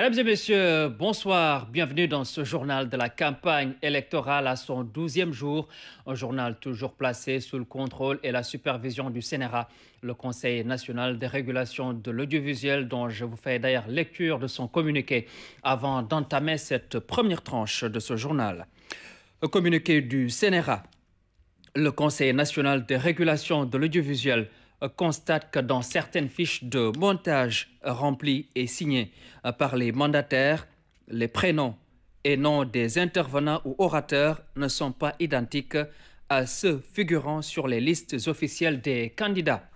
Mesdames et messieurs, bonsoir, bienvenue dans ce journal de la campagne électorale à son 12e jour, un journal toujours placé sous le contrôle et la supervision du CNRA, le Conseil national des régulations de l'audiovisuel dont je vous fais d'ailleurs lecture de son communiqué avant d'entamer cette première tranche de ce journal. Le communiqué du CNRA, le Conseil national des régulations de l'audiovisuel, euh, constate que dans certaines fiches de montage remplies et signées euh, par les mandataires, les prénoms et noms des intervenants ou orateurs ne sont pas identiques à ceux figurant sur les listes officielles des candidats.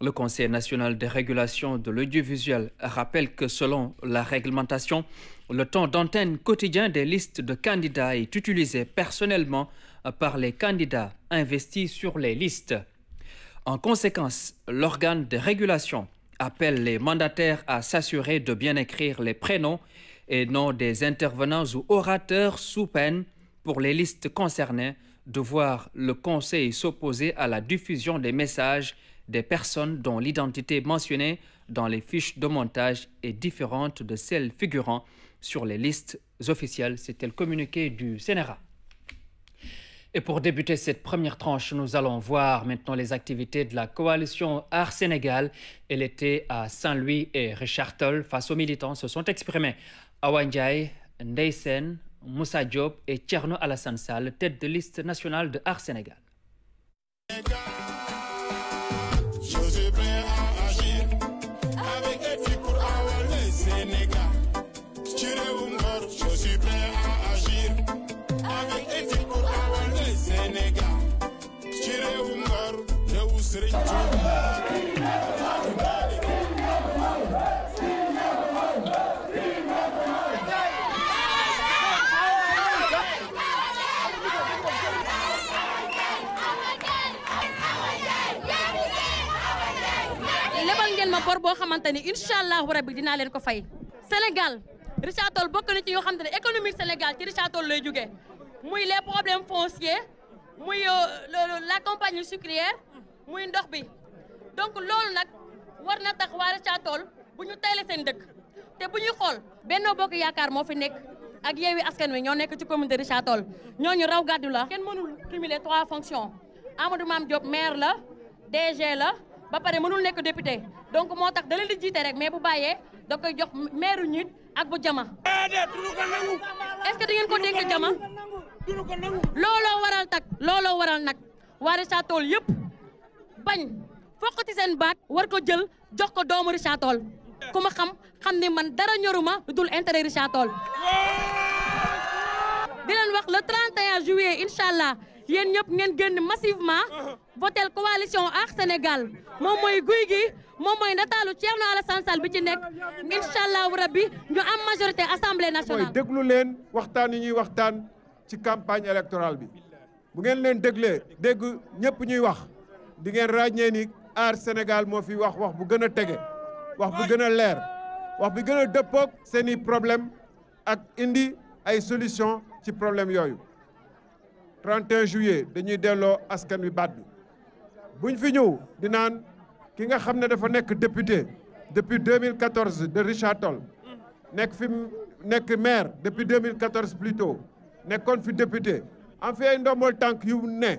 Le Conseil national de régulation de l'audiovisuel rappelle que selon la réglementation, le temps d'antenne quotidien des listes de candidats est utilisé personnellement euh, par les candidats investis sur les listes. En conséquence, l'organe de régulation appelle les mandataires à s'assurer de bien écrire les prénoms et noms des intervenants ou orateurs sous peine, pour les listes concernées, de voir le Conseil s'opposer à la diffusion des messages des personnes dont l'identité mentionnée dans les fiches de montage est différente de celle figurant sur les listes officielles. C'était le communiqué du CNRA. Et pour débuter cette première tranche, nous allons voir maintenant les activités de la coalition Art Sénégal. Elle était à Saint-Louis et Richard face aux militants se sont exprimés. Awanjai, Ndeysen, Moussa Diop et Tcherno Alassane Sall, tête de liste nationale de Art Sénégal. Sëriñ Tuuba ma bor boo xamante ni incha allahu rabi dinaa leen ko fay Sénégal Richard Toll bokk ci yoo xamante ne économique Sénégal ci Richard Toll lay jógee muy les problèmes fonciers muy euh, la compagnie sucrière muy ndox bi donc loolu nag war na tax waa Richard Toll bu ñu teyle seen dëkk te bu ñuy xool Benno Bokk Yaakaar moo fi nekk ak Yewwi Askan Wi ñoo nekk ci commune de Richard Toll ñooñu raw gàddu la kenn mënul cumuler trois fonctions Amadou Mame jot maire la DG la ba pare mënul nekk député donc moo tax da leen di jiite rek mais bu bàyyee da koy jox maire ñit ak bu jama est-ce que di ngeen ko dénk jama looloo waral tak looloo waral nag waa Richard Toll yëpp bañ foqati seen baat war ko jël jox ko doomu Richard Toll ku ma xam xam ni man dara ñoruma dul intérêt Richard Toll di leen wax le 31 juillet incha allah yéen ñëpp ngeen génn massivement votel coalition ak Sénégal moom mooy guy gi moom mooy nataalu Thierno Alassane Sall bi ci nekk incha allahu bi ñu am majorité assemblée nationale. mooy déglu leen waxtaan yi ñuy waxtaan ci campagne électorale bi bu ngeen leen déglee dégg ñëpp ñuy wax. di ngeen ràññee ni aar Sénégal moo fi wax wax bu gën a tege wax bu gën a leer wax bi gën a dëppoog seen i problème ak indi ay solution ci problème yooyu 31 juillet dañuy delloo askan wi baat bi buñ fi ñëw di naan ki nga xam ne dafa nekk député depuis 2014 de Richard Toll nekk fi nekk maire depuis 2014 plutôt nekkoon fi député am fi ay ndombol tànk yu ne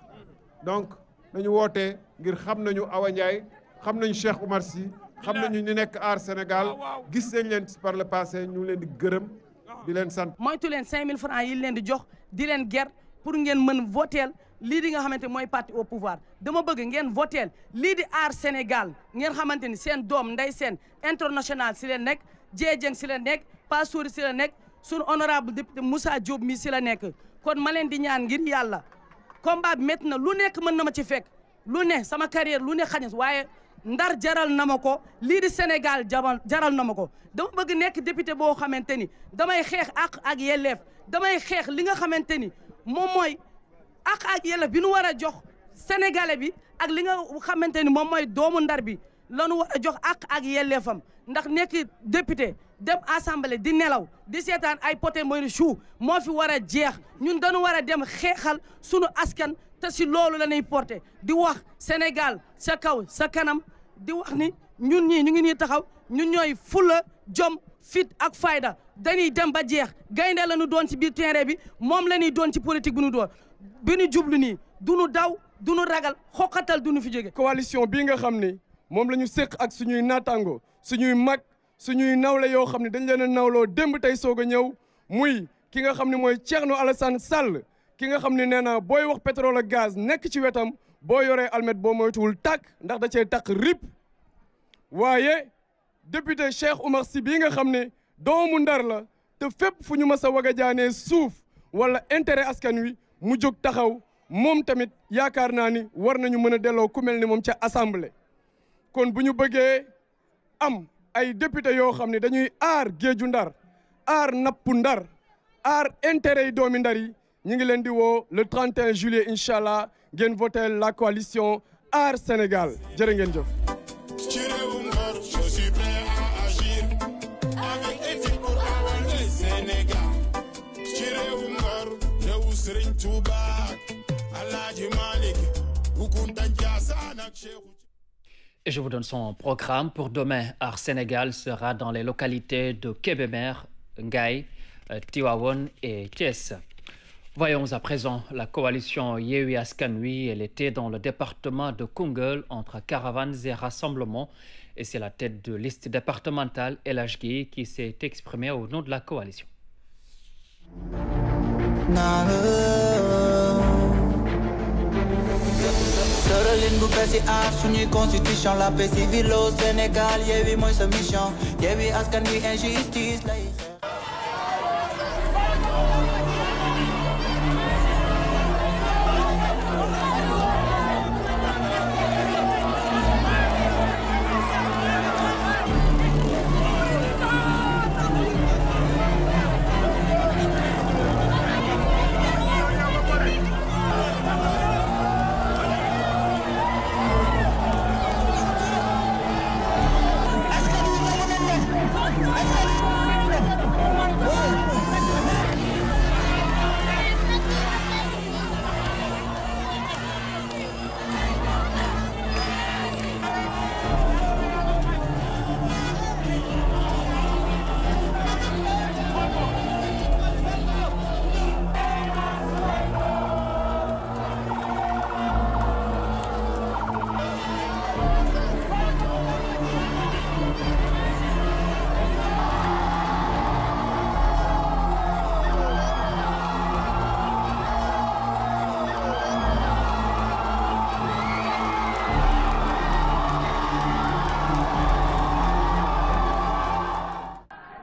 donc nañu voté, ngir xam Awa Ndiaye xam Cheikh Oumar Sy avons Sénégal ah, gis par le passé ñu di gërëm ah. di sant. 5000 francs yi di jox di pour ngeen mën lii di nga parti au pouvoir dama bëgg ngeen lii di aar Sénégal ngeen xamante ni seen nday seen international si leen nekk si si honorable député Moussa Diop mi si la kon ma di ñaan ngir combat bi métti lu nek mën na ma ci fek lu ne sama carrière lu ne xañas waye ndar jaral na ma ko di Sénégal jaral jaral na ma dama bëgg nek député bo xamanteni ni damay xex ak ak yelleef damay xex li nga xamanteni mom moy ak ak yelef bi nu wara jox sénégalais bi ak li nga xamanteni mom moy doomu ndar bi lanu war jox ak ak yelefam ndax nekk député dem assemblée di nelaw di seetaan ay poté mooy chou moo fi war jeex ñun dañu war a dem xeexal sunu askan te si loolu la ñuy porté di wax Sénégal sa kaw sa kanam di wax ni ñun ñii ñu ngi nii taxaw ñu ñooy fula jom fit ak fayda dañuy dem ba jeex gaynde la ñu doon ci biir terrain bi moom la ñuy doon ci politique bu nu doon bi ñu jublu nii du ñu daw du ñu ragal xoqatal du nu fi jóge coalition bii nga xam ni moom la ñu séq ak suñuy naataango suñuy mag suñuy nawle yoo xam ne dañ leen a nawloo démb tey soog a ñëw muy ki nga xam ne mooy Thierno Alassane Sall ki nga xam ne nee na booy wax pétrole ak gaz nekk ci wetam boo yoree almet boo moytuwul tàkk ndax da cee tàkk rip waaye député Cheikh Oumar Sy bii nga xam ne doomu ndar la te fépp fu ñu mas a wag a jaanee suuf wala intérêt askan wi mu jóg taxaw moom tamit yaakaar naa ni war nañu mën a delloo ku ni moom ca assemblée kon bu ñu bëggee am ay député yoo xam ne dañuy aar géeju ndar aar nappu ndar aar intérêt yi doomi ndar yi ñu ngi leen di woo le 31 juillet incha allah ngeen voté la coalition aar Sénégal jërë ngeen jëf. Serigne Touba Alhaji Malick Hukunta Ndiassane ak Cheikh je vous donne son programme pour demain. Art Sénégal sera dans les localités de Kébémer, Ngaï, euh, Tiwawon et Thiès. Voyons à présent la coalition Yewi Elle était dans le département de Kungel entre caravanes et rassemblements. Et c'est la tête de liste départementale, LHG, qui s'est exprimée au nom de la coalition. Doxaline bu bees yi aar ah, suñuy constitution la paix yi au Sénégal Yewwi mooy sa mission Yewwi Askan Wi injustice lay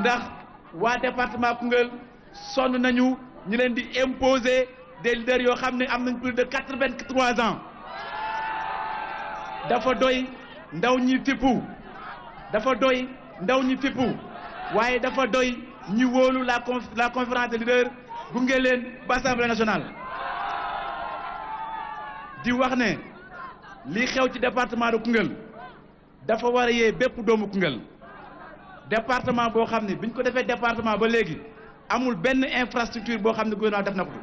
ndax waa département Koungheul sonn nañu ñu leen di imposer des leaders yoo xam ne am nañ plus de quatre-vingt-trois ans dafa doy ndaw ñi fippu dafa doy ndaw ñi fippu waaye dafa doy ñu wóolu la la conférence des leaders gunge leen ba assemblée nationale di wax ne li xew ci département de Koungheul dafa war a yee bépp doomu Koungheul département boo xam ne bi ñu ko defee département ba léegi amul benn infrastructure boo xam ne gouvernement def na ko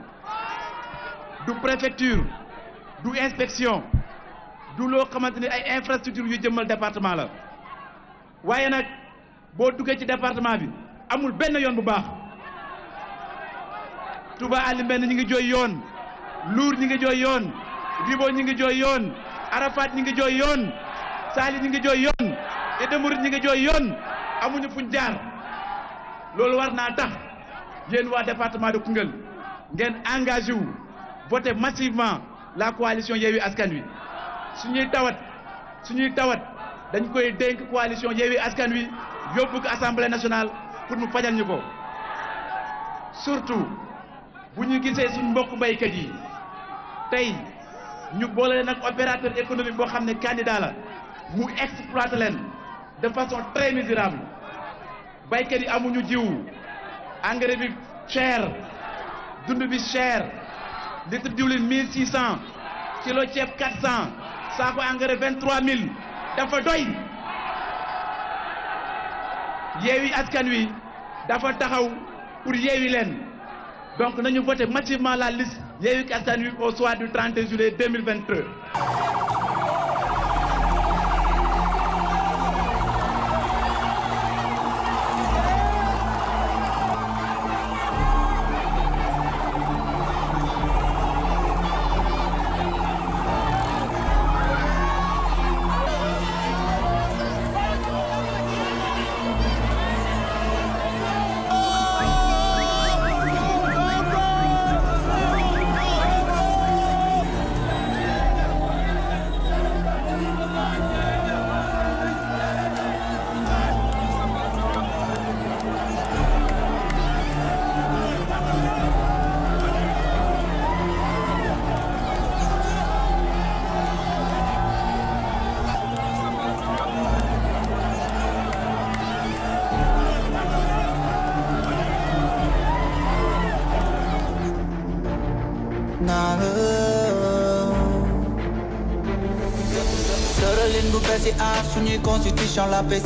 du préfecture du inspection du loo xamante ni ay infrastructure yu jëmmal département la waaye nag boo duggee ci département bi amul benn yoon bu baax Touba Ali Mbène ñi ngi jooy yoon Lour ñi ngi jooy yoon Ribo ñi ngi jooy yoon Arafat ñi ngi jooy yoon Saali ñi ngi jooy yoon Idda Mouride ñi ngi jooy yoon amuñu fuñ jaar loolu war naa tax yenn waa département de Koungheul ngeen engagé wu voté massivement la coalition Yewwi Askan Wi suñuy tawat suñuy tawat dañ koy dénk coalition Yewwi Askan Wi yóbbu ko assemblée nationale pour mu fajal ñu ko surtout bu ñu gisee suñ mbokk baykat yi tey ñu boole leen ak opérateur économique boo xam ne candidat la mu exploite leen de façon très misérable baykat amuñu jiwu engrais bi cher dund bi cher litre diwlin 1600, kilo chef 400. cent saako engrais 23000. dafa doy Yewi askan wi dafa taxaw pour yewi len. donc nous votez massivement la liste Yewi askan wi au soir du 30 juillet 2023 La paix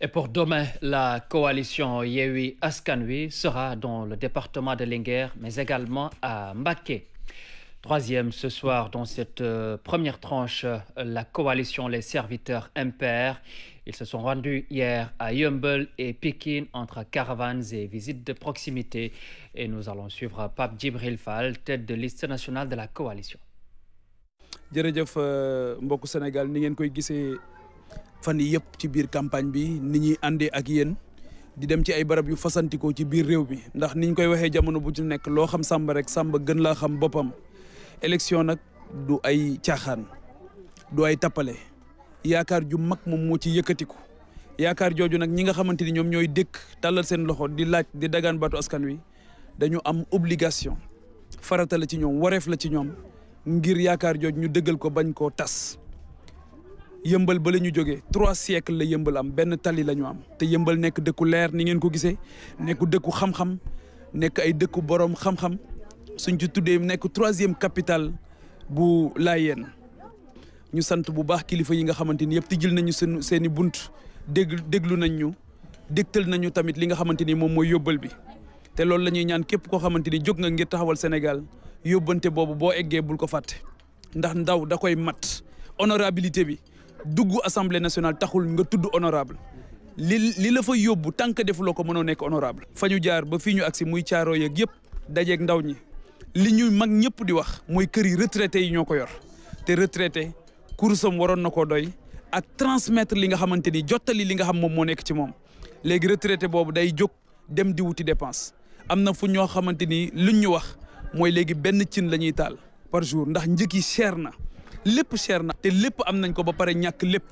et pour demain, la coalition yehui Askanui sera dans le département de Linger, mais également à Mbake. Troisième ce soir dans cette euh, première tranche, euh, la coalition Les Serviteurs MPR ils se sont rendus hier à Yumble et Pékin entre caravanes et visites de proximité. Et nous allons suivre Pape Djibril Fall, tête de liste nationale de la coalition. jërëjëf euh, mbokku Sénégal ni ngeen koy gisee fan yii yëpp ci biir campagne bi ni ñuy àndee ak yéen di dem ci ay barab yu fasantikoo ci biir réew bi. ndax niñ koy waxee jamono bu ci nekk loo xam Samba rek Samba gën laa xam boppam élection nag du ay caaxaan du ay tappale yaakaar ju mag moom moo ci yëkkatiku yaakaar jooju nag ñi nga xamante ni ñoom ñooy dëkk tàllal seen loxo di laaj di dagaan baatu askan wi dañu am obligation farata la ci ñoom wareef la ci ñoom ngir yaakaar jooju ñu dëggal ko bañ koo tas yëmbal ba la ñu jógee trois siècles la yëmbal am benn tali lañu am te yëmbal nekk dëkku leer ni ngeen ko gisee nekku dëkku xam-xam nekk ay dëkku boroom xam-xam suñ ci tuddee nekk troisième capitale bu Layeen ñu sant bu baax kilifa yi nga xamante ni yëpp tijjil nañu seen seen bunt dégg déglu nañ ñu dégtal nañu tamit li nga xamante ni moom mooy yóbbal bi te loolu la ñuy ñaan képp koo xamante ni jóg nga ngir taxawal Sénégal yóbbante boobu boo eggee bul ko fàtte ndax ndaw da koy mat honorabilité bi dugg assemblée nationale taxul nga tudd honorable li li la fa yóbbu tant que defuloo ko mën a nekk honorable fa ñu jaar ba fii ñu agsi muy caaro yeeg yëpp dajeeg ndaw ñi li ñuy mag ñëpp di wax mooy kër yi retraité yi ñoo ko yor te retraité kursam waroon na koo doy ak transmettre li nga xamante ni jottali li nga xam moom moo nekk ci moom léegi retraité boobu day jog dem di wuti dépense am na fu ñoo xamante ni luñ ñu wax mooy léegi benn cin la ñuy taal par jour ndax njëg yi cher na lépp cher na te lépp am nañ ko ba pare ñàkk lépp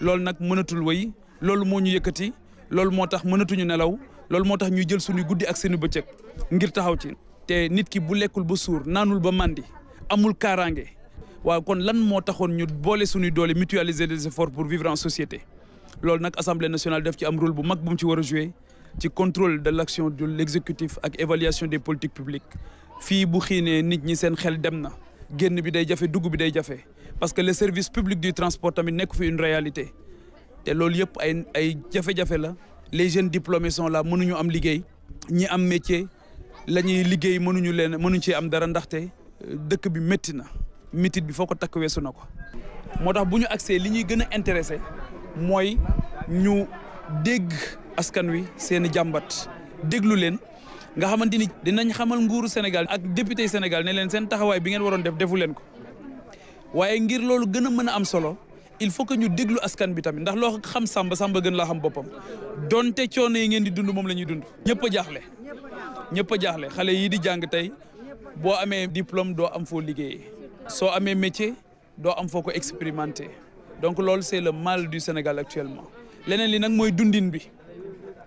loolu nag mënatul woy loolu moo ñu yëkkati loolu moo tax mënatuñu nelaw loolu moo tax ñu jël suñu guddi ak seeni bëccëg ngir taxaw ci te nit ki bu lekkul ba suur naanul ba màndi amul kaaraange waaw kon lan mo taxone ñu bolé suñu doolé mutualiser les efforts pour vivre en société lool nak assemblée nationale def ci am rôle bu mag bu mu ci wara jouer ci contrôle de l'action de ak évaluation des politiques publiques fi bu xiné nit ñi seen xel dem na génn bi day jafé dugg bi day jafé parce que le service public du transport tamit nekk fi une réalité té lool yépp ay ay jafé jafé la les jeunes diplômés sont là mënuñu am liggéey ñi am métier lañuy ñuy liggéey mënuñu leen mënuñ ci am dara ndaxte dëkk bi metti na mitit bi foko tak wessu nako motax buñu accès tax bu li ñuy gën intéressé moy ñu dégg askan wi seen jàmbat déglu leen nga xamanteni dinañ xamal nguuru Sénégal ak député Sénégal ne leen seen taxaway bi ngeen waron def defu leen ko waye ngir lolu gëna mëna am solo il faut que ñu déglu askan bi tamit ndax lo xam samba samba gën la xam bopam donte coono yi ngeen di dund mom lañuy dund. ñepp a ñepp ñëpp xalé yi di jang tay bo amé diplôme do am fo liggéey soo amee métier doo am foo ko expérimenter donc loolu c'est le mal du Sénégal actuellement leneen li nag mooy dundin bi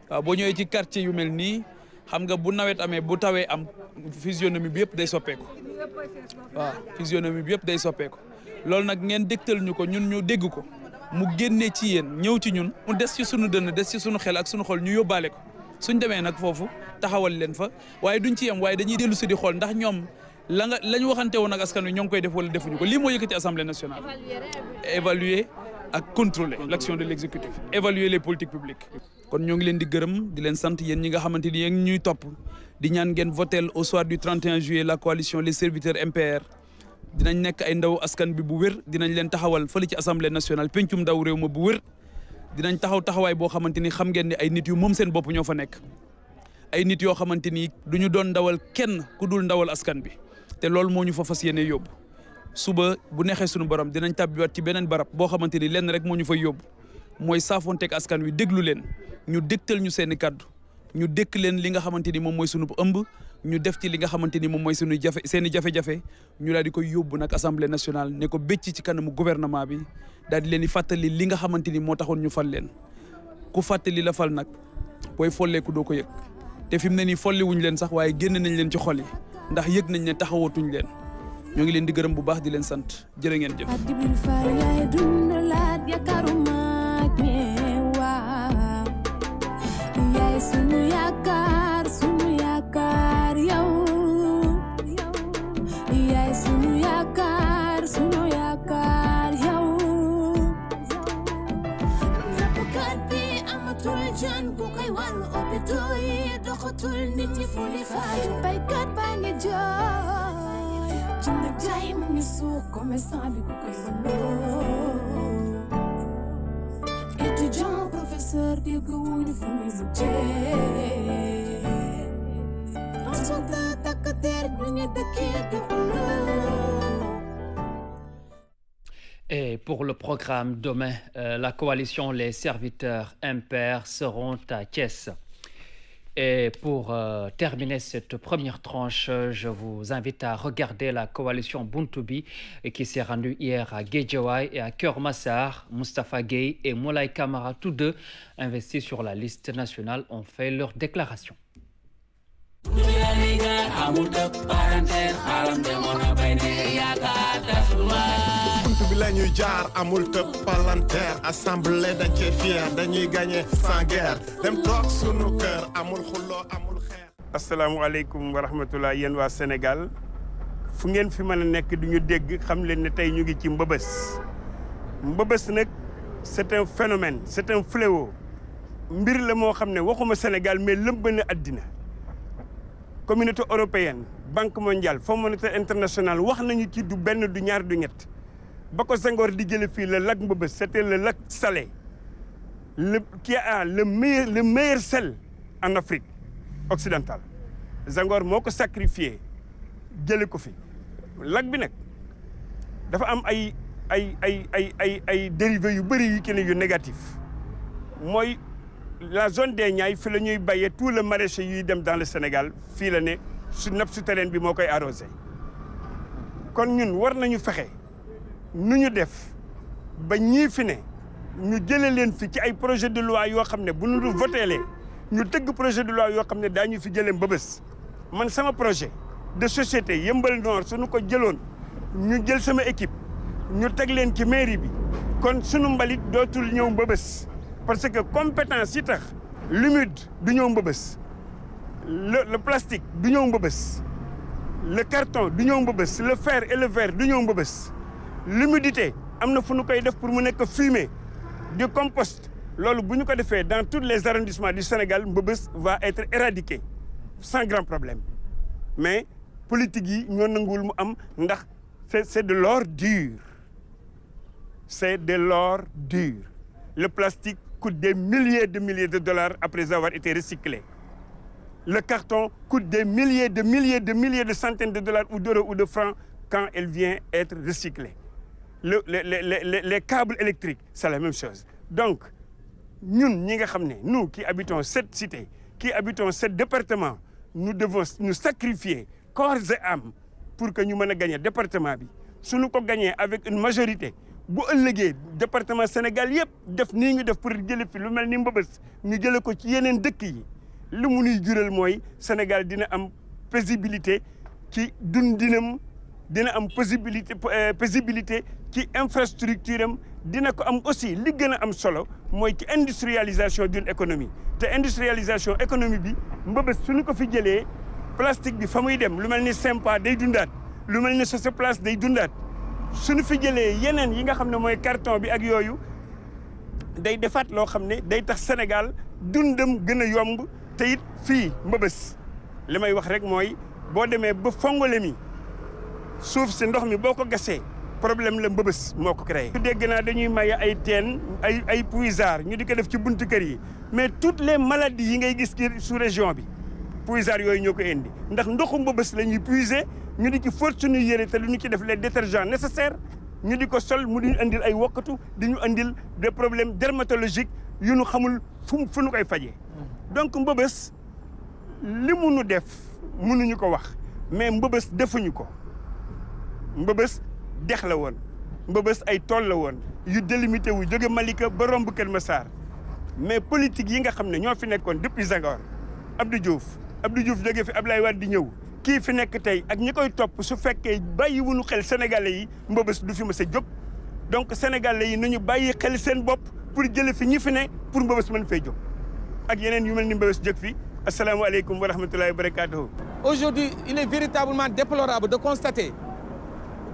waaw boo ñëwee ci quartier yu mel nii xam nga bu nawet amee bu tawee am physionomie bi yëpp day soppeeku waaw physionomie yëpp day soppeeku loolu nag ngeen dégtal ñu ko ñun ñu dégg ko mu génnee ci yéen ñëw ci ñun mu des ci sunu dënn des ci sunu xel ak sunu xol ñu yóbbaale ko suñ demee nag foofu taxawal leen fa waaye duñ ci yem waaye dañuy dellu si di xool ndax ñoom la waxanté won ak askan wi ngi koy def wala defuñu ko li mo yëkëti assemblée nationale évaluer ak contrôler l'action de l'exécutif, évaluer les politiques publiques kon ñoo ngi leen di gërëm di leen sant yeen ñi nga xamanteni ni ñuy top di ñaan ngeen votel au soir du 31 juillet la coalition les serviteurs MPR dinañ nekk ay ndaw askan bi bu wër dinañ leen taxawal fële ci assemblée nationale pencum ndaw réew ma bu wër dinañ taxaw taxaway bo xamanteni xam ngeen ne ay nit yu moom seen bop ñofa fa nekk ay nit yo xamanteni duñu doon ndawal kenn ku dul ndawal askan bi te loolu moo ñu fa fas yéene yóbbu suba bu nexee suñu borom dinañ tàbbiwaat ci beneen barab boo xamante ni lenn rek moo ñu fay yóbbu mooy saafonteeg askan wi déglu leen ñu dégtal ñu seeni kàddu ñu dékk leen li nga xamante ni moom mooy sunu ëmb ñu def ci li nga xamante ni moom mooy sunu jafe seeni jafe-jafe ñu daal di koy yóbbu nag assemblée nationale ne ko bëcc ci kanamu gouvernement bi daal leen di fàttali li nga xamante ni moo taxoon ñu fal leen ku fàttali la fal nag booy folleeku doo ko yëg te fi mu ne nii folli leen sax waaye génn nañ leen ci xol ndax yëg nañ ne taxawatuñ leen ñoo ngi leen di gërëm bu baax di leen sant jërë ngeen jëf Do it. Et pour le programme demain, euh, la coalition Les Serviteurs Impairs seront à caisse. Et pour euh, terminer cette première tranche, euh, je vous invite à regarder la coalition Buntubi qui s'est rendue hier à Gejawai et à Cœur Massar. Mustafa Gay et Moulay Kamara, tous deux investis sur la liste nationale, ont fait leur déclaration. la ñuy jaar amul tëb palanteer assemblée dañ cee dañuy gagné sans guerre dem toog sunu kër amul xulloo amul xeer. asalaamualeykum wa rahmatulah yéen waa Sénégal fu ngeen fi mën a nekk du ñu dégg xam leen ne tey ñu ngi ci mbëbës mbëbës nag c'est un phénomène c'est un fléau mbir la moo xam ne waxuma Sénégal mais lëmb na àddina communauté européenne banque mondiale fonds monétaire international wax nañu ci du benn du ñaar du ñett. Bako ko Senghor di jële fii le lac Mbeubeuss c'était le lac salé le qui a le meilleur le meilleur sel en Afrique occidentale Zangor moo ko sacrifié jële ko fi lac bi nag dafa am ay ay ay ay ay ay dérivés yu bëri yu yu négatif mooy la zone des Niayes fi la ñuy béyee tout le maraîcher yuy dem dans le Sénégal fii la ne su nappe souterraine bi moo koy arrosé kon ñun war nañu fexe nu ñu def ba ñi fi né ñu jëlé leen fi ci ay projet de loi yo xamné bu ñu voteelee ñu tëgg projet de loi yo xamné ne daañu fi jëlee mbëbës man sama projet de société yëmbal Nord suñu ko jëlone ñu jël sama équipe ñu teg leen ci mairie bi kon suñu mbalit dootul ñëw mbëbës parce que compétence yi tax l'humide du ñëw mbëbës le plastique du ñëw mbëbës le carton du ñëw mbëbës le fer et le verre du ñëw mbëbës l'humidité il ne pour du compost dans tous les arrondissements du Sénégal bobus va être éradiqué sans grand problème mais politique c'est de l'or dur c'est de l'or dur le plastique coûte des milliers de milliers de dollars après avoir été recyclé le carton coûte des milliers de milliers de milliers de centaines de dollars ou d'euros ou de francs quand il vient être recyclé les câbles électriques c'est la même chose donc nous qui habitons cette cité qui habitons ce département nous devons nous sacrifier corps et âme pour que nous puissions gagner gagner département Si nous ko gagner avec une majorité bu le département Sénégal yëpp def nii ñu def pour jële fi lu mel ni mbëbës ñu le ko ci yeneen dëkk yi li Sénégal dina une paisibilité donne dina am possibilité euh, possibilité qui infrastructure aussi li am solo moy ci industrialisation d'une économie te industrialisation économie bi suñu ko fi plastique bi famuy dem lu Sympa day dundat lu est day dundat suñu fi jëlé yenen yi nga xamné moy carton bi ak yoyu day lo day tax Sénégal dundam gëna yomb te it fi wax rek suuf si ndox mi boo ko gasee problème la mbëbës moo ko créé. ñu dégg naa dañuy maye ay teen ay ay puisard ñu di ko def ci buntu kër yi mais toutes les maladies yi ngay gis ci sous région bi puisard yooyu ñoo ko indi ndax ndoxu mbëbës la ñuy puiser ñu di ci fóot suñuy yére te lu ñu ci def les détergents nécessaires ñu di ko sol mu di ñu andil ay wokkatu di ñu andil des problèmes dermatologiques yu ñu xamul fu fu ñu koy fajee. donc mbëbës li mu nu def mënuñu ko wax mais mbëbës defuñu ko mbëbës dex la woon mbëbës ay tool la woon yu délimité wu jóge Malika ba romb Kër Massar mais politique yi nga xamné ño fi nekkoon depuis Senghor Abdou Diouf Abdou Diouf jóge fi Ablaye Wade di ñew ki fi nekk tay ak ñikoy top su fekkee bàyyi wuñu xel sénégalais yi mbëbës du fi mës a donc sénégalais yi nañu bayyi xel seen bop pour jële fi ñi fi ne pour mbëbës mën fay jóg ak yenen yu melni ni mbëbës fi assalamu asalaamaaleykum wa rahmatullahi wa barakatuh aujourd'hui il est véritablement déplorable de constater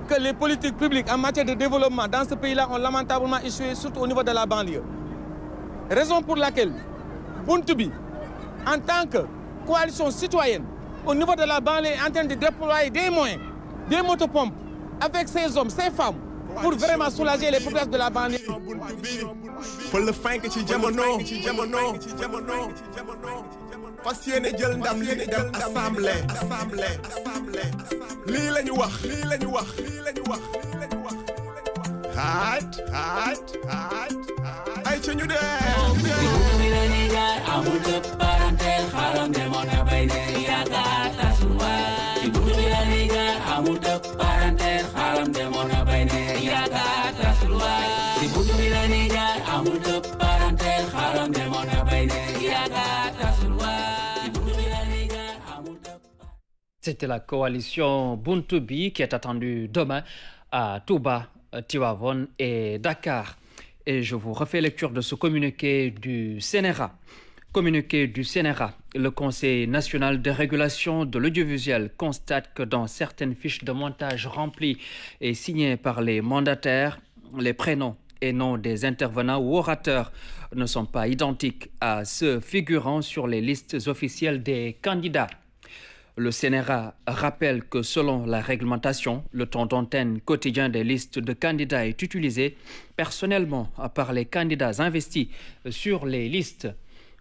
que les politiques publiques en matière de développement dans ce pays-là ont lamentablement échoué, surtout au niveau de la banlieue. Raison pour laquelle Buntubi, en tant que coalition citoyenne, au niveau de la banlieue, est en train de déployer des moyens, des motopompes, avec ces hommes, ces femmes, pour vraiment soulager les populations de la banlieue. Pour le assemblée lii la ñu wax lii la wax lii la wax lii la wax xaaj xaaj xaaj ay ca ñu dee amul dëpp parentel xaram demoon na bay ne yaakaar C'était la coalition Buntubi qui est attendue demain à Touba, euh, Tiwavon et Dakar. Et je vous refais lecture de ce communiqué du Sénéra. Communiqué du Sénéra, le Conseil national de régulation de l'audiovisuel constate que dans certaines fiches de montage remplies et signées par les mandataires, les prénoms et noms des intervenants ou orateurs ne sont pas identiques à ceux figurant sur les listes officielles des candidats. Le CNRA rappelle que selon la réglementation, le temps d'antenne quotidien des listes de candidats est utilisé personnellement par les candidats investis sur les listes.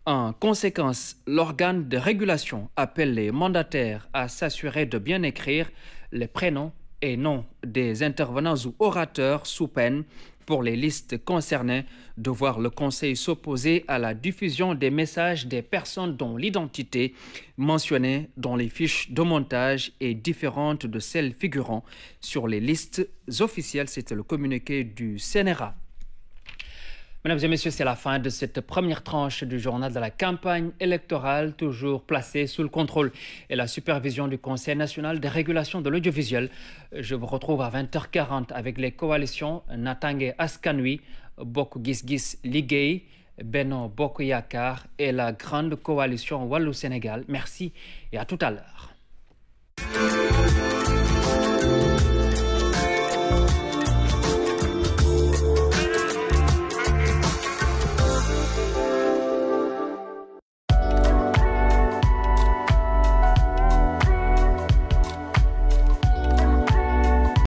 En conséquence, l'organe de régulation appelle les mandataires à s'assurer de bien écrire les prénoms et noms des intervenants ou orateurs sous peine pour les listes concernées, de voir le Conseil s'opposer à la diffusion des messages des personnes dont l'identité mentionnée dans les fiches de montage est différente de celle figurant sur les listes officielles. C'était le communiqué du CNRA. Mesdames et messieurs, c'est la fin de cette première tranche du journal de la campagne électorale, toujours placée sous le contrôle et la supervision du Conseil national de régulation de l'audiovisuel. Je vous retrouve à 20h40 avec les coalitions Natangé Askanui, Bokugis Gisgis Ligay, Beno Bokuyakar et la grande coalition Wallou Sénégal. Merci et à tout à l'heure.